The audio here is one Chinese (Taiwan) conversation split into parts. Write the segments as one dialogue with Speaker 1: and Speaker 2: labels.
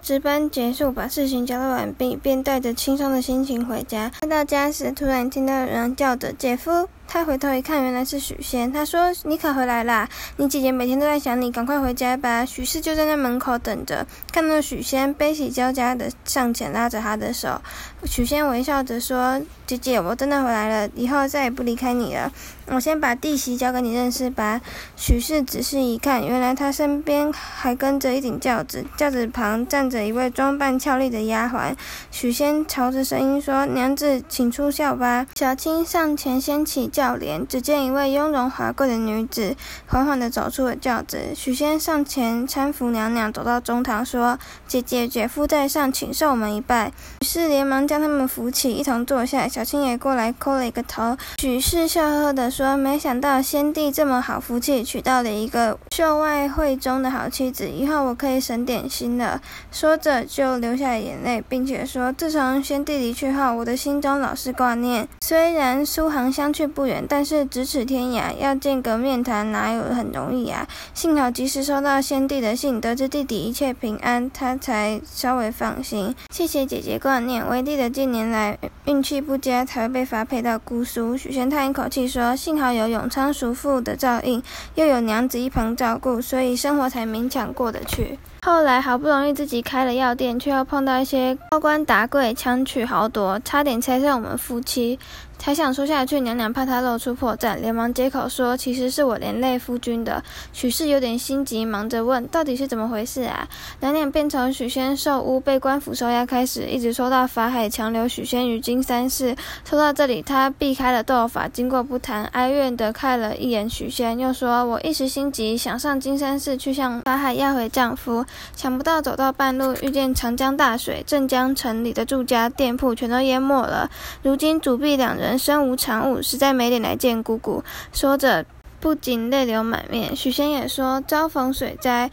Speaker 1: 值班結束，把事情交代完畢，便帶着輕鬆的心情回家。快到家時，突然聽到有人叫着“姐夫”，他回頭一看，原來是許仙。他說：“你可回來啦！你姐姐每天都在想你，趕快回家吧。”許氏就在那門口等着，看到許仙，悲喜交加的上前拉着他的手。許仙微笑着說：“姐姐，我真的回來了，以後再也不離開你了。我先把弟媳交給你認識吧。”許氏仔細一看，原來他身邊還跟着一頂轎子，轎子旁站着一位裝扮俏麗的丫鬟。許仙朝着聲音說：“娘子，請出轎吧。”小青上前掀起轎簾，只見一位雍容華貴的女子緩緩地走出了轎子。許仙上前攙扶娘娘，走到中堂說：“姐姐，姐，姐夫在上，請受我們一拜。”許氏連忙。將他們扶起，一同坐下。小青也過來磕了一個頭。許氏笑呵呵地說：“沒想到先帝這麼好福氣，娶到了一個秀外慧中的好妻子，以後我可以省點心了。”說着就流下眼淚，並且說：“自從先帝離去後，我的心中老是掛念。雖然蘇杭相去不遠，但是咫尺天涯，要見個面談哪有很容易呀、啊？幸好及時收到先帝的信，得知弟弟一切平安，他才稍微放心。謝謝姐姐掛念，為弟。”近年來運氣不佳，才會被發配到姑蘇。許仙嘆一口氣說：“幸好有永昌叔父的照應，又有娘子一旁照顧，所以生活才勉強過得去。後來好不容易自己開了藥店，卻要碰到一些高官達貴強取豪奪，差點拆散我們夫妻。才想說下去，娘娘怕他露出破綻，連忙接口說：‘其實是我連累夫君的。’許氏有點心急，忙着問：‘到底是怎麼回事啊？’娘娘便從許仙受誣被官府收押開始，一直收到法海。”強留許仙於金山寺。說到這裡，他避開了鬥法，經過不談，哀怨地看了一眼許仙，又說：“我一時心急，想上金山寺去向法海要回丈夫，想不到走到半路，遇見長江大水，鎮江城裡的住家店鋪全都淹沒了。如今主婢兩人身無長物，實在沒臉來見姑姑。”說着，不禁淚流滿面。許仙也說：“遭逢水災。”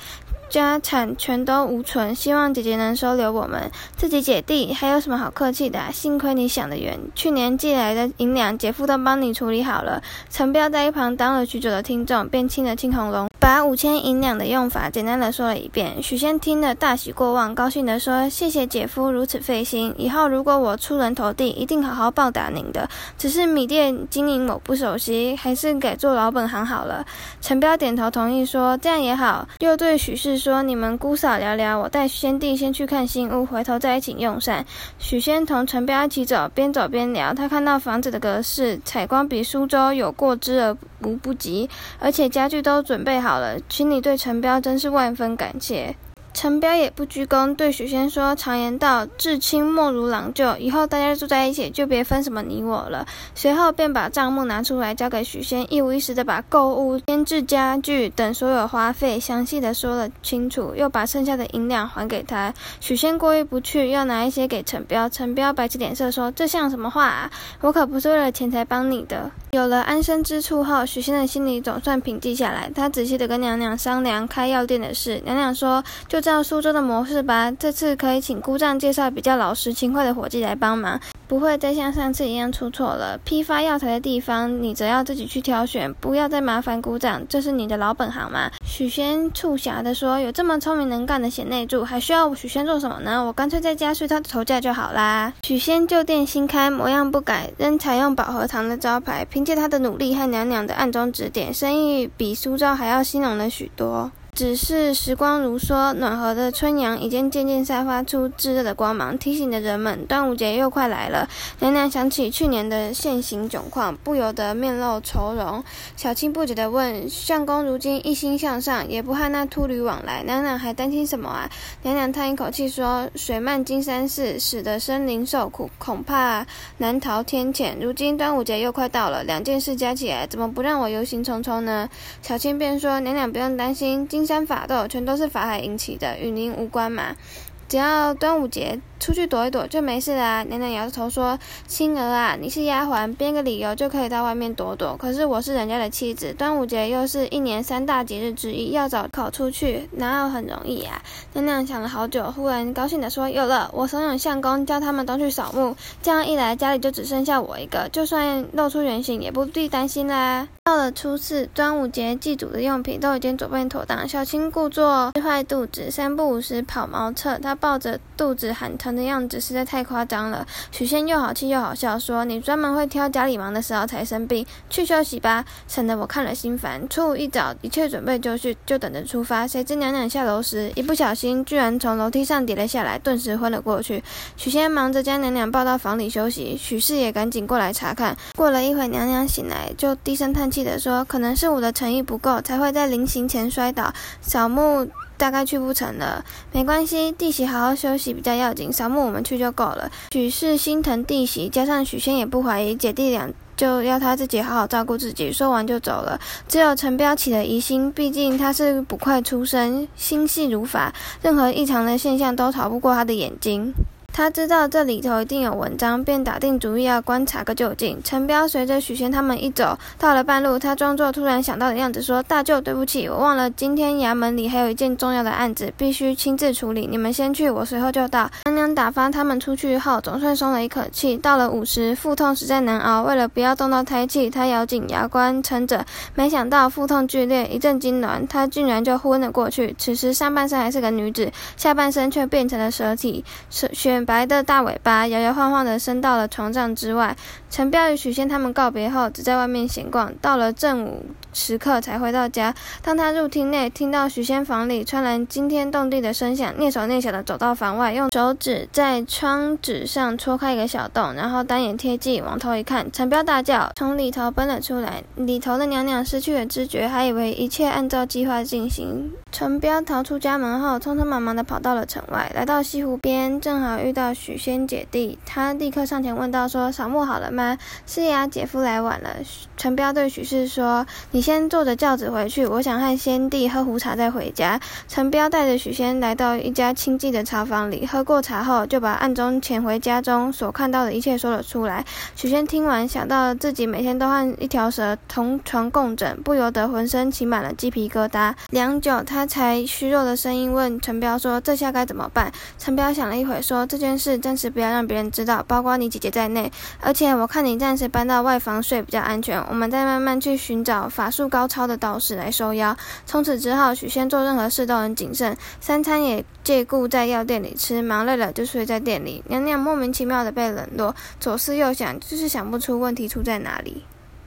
Speaker 1: 家產全都無存，希望姐姐能收留我們自己姐弟，還有什麼好客氣的啊？幸虧你想得遠，去年寄來的銀兩，姐夫都幫你處理好了。陳彪在一旁當了許久的聽眾，便清了清喉嚨，把五千銀兩的用法簡單的說了一遍。許仙聽了大喜過望，高興的說：“謝謝姐夫如此費心，以後如果我出人頭地，一定好好報答您的。只是米店經營我不熟悉，還是改做老本行好了。”陳彪點頭同意說：“這樣也好。”又對許氏。說，你們姑嫂聊聊，我帶賢弟先去看新屋，回頭再一起用膳。許仙同陳彪一起走，邊走邊聊。他看到房子的格式、採光比蘇州有過之而無不及，而且家具都準備好了。心裡對陳彪真是萬分感謝。陳彪也不鞠躬，對許仙說：“常言道，至親莫如郎舅，以後大家住在一起，就別分什麼你我了。”隨後便把賬目拿出來交給許仙，一五一十的把購物、添置家具等所有花費詳細的說了清楚，又把剩下的銀兩還給他。許仙過意不去，要拿一些給陳彪。陳彪擺起臉色說：“這像什麼話啊？我可不是為了錢才幫你的。”有了安身之處後，許仙的心裡總算平靜下來。他仔細的跟娘娘商量開藥店的事。娘娘說：“就……”照蘇州的模式吧，這次可以請姑丈介紹比較老實勤快的伙計來幫忙，不會再像上次一樣出錯了。批發藥材的地方你則要自己去挑選，不要再麻煩姑丈。這是你的老本行嘛。許仙促狹地說：“有這麼聰明能幹的賢內助，還需要我許仙做什麼呢？我乾脆在家睡他的頭覺就好啦。”許仙舊店新開，模樣不改，仍採用保和堂的招牌。憑借他的努力和娘娘的暗中指點，生意比蘇州還要興隆了許多。只是時光如梭，暖和的春陽已經漸漸散發出炙熱的光芒，提醒着人們端午節又快來了。娘娘想起去年的現形窘況，不由得面露愁容。小青不解地問：“相公如今一心向上，也不和那禿驢往來，娘娘還擔心什麼啊？”娘娘嘆一口氣說：“水漫金山寺，使得生靈受苦，恐怕難逃天譴。如今端午節又快到了，兩件事加起來，怎麼不讓我憂心忡忡呢？”小青便說：“娘娘不用擔心，今。”三法鬥全都是法海引起的，與您無關嘛。只要端午節出去躲一躲就沒事啦、啊。娘娘搖着頭說：“青兒啊，你是丫鬟，編個理由就可以到外面躲躲。可是我是人家的妻子，端午節又是一年三大節日之一，要早考出去哪有很容易呀、啊？”娘娘想了好久，忽然高興地說：“有了！我慫恿相公叫他們都去掃墓，這樣一來家裡就只剩下我一個，就算露出原形也不必擔心啦。”到了初四，端午節祭祖的用品都已經準備妥當。小青故作壞肚子，三不五時跑茅廁。抱着肚子喊疼的樣子實在太誇張了，許仙又好氣又好笑，說：“你專門會挑家裡忙的時候才生病，去休息吧，省得我看了心煩。”初五一早，一切準備就緒，就等着出發。誰知娘娘下樓時一不小心，居然從樓梯上跌了下來，頓時昏了過去。許仙忙着將娘娘抱到房裡休息，許氏也趕緊過來查看。過了一會，娘娘醒來，就低聲嘆氣地說：“可能是我的誠意不夠，才會在臨行前摔倒。”小木。大概去不成了，沒關係，弟媳好好休息比較要緊。掃墓我們去就夠了。許氏心疼弟媳，加上許仙也不懷疑，姐弟倆就要他自己好好照顧自己。說完就走了。只有陳彪起了疑心，畢竟他是捕快出身，心細如髮，任何異常的現象都逃不過他的眼睛。他知道這裡頭一定有文章，便打定主意要觀察個究竟。陳彪隨着許仙他們一走，到了半路，他裝作突然想到的樣子說，說：“大舅，對不起，我忘了今天衙門裡還有一件重要的案子，必須親自處理。你們先去，我隨後就到。”娘娘打發他們出去後，總算鬆了一口氣。到了午時，腹痛實在難熬，為了不要動到胎氣，他咬緊牙關撐着。沒想到腹痛劇烈，一陣痙攣，他竟然就昏了過去。此時上半身還是個女子，下半身卻變成了蛇體，蛇白的大尾巴搖搖晃晃地伸到了床帳之外。陳彪與許仙他們告別後，只在外面閒逛，到了正午時刻才回到家。當他入廳內，聽到許仙房裡傳來驚天動地的聲響，躡手躡腳的走到房外，用手指在窗紙上戳開一個小洞，然後單眼貼近往頭一看，陳彪大叫，從裡頭奔了出來。裡頭的娘娘失去了知覺，還以為一切按照計劃進行。陳彪逃出家門後，匆匆忙忙地跑到了城外，來到西湖邊，正好遇到許仙姐弟，他立刻上前問道：“說掃墓好了嗎？”“是呀、啊，姐夫來晚了。”陳彪對許氏說：“你先坐着轎子回去，我想和先弟喝壺茶再回家。”陳彪帶着許仙來到一家親戚的茶房裡，喝過茶後，就把暗中潛回家中所看到的一切說了出來。許仙聽完，想到自己每天都和一條蛇同床共枕，不由得渾身起滿了雞皮疙瘩。良久，他才虛弱的聲音問陳彪說：“這下該怎麼辦？”陳彪想了一會，說：“這這件事暫時不要讓別人知道，包括你姐姐在內。而且我看你暫時搬到外房睡比較安全，我們再慢慢去尋找法術高超的道士來收妖。從此之後，許仙做任何事都很謹慎，三餐也借故在藥店裡吃，忙累了就睡在店裡。娘娘莫名其妙的被冷落，左思右想，就是想不出問題出在哪裡。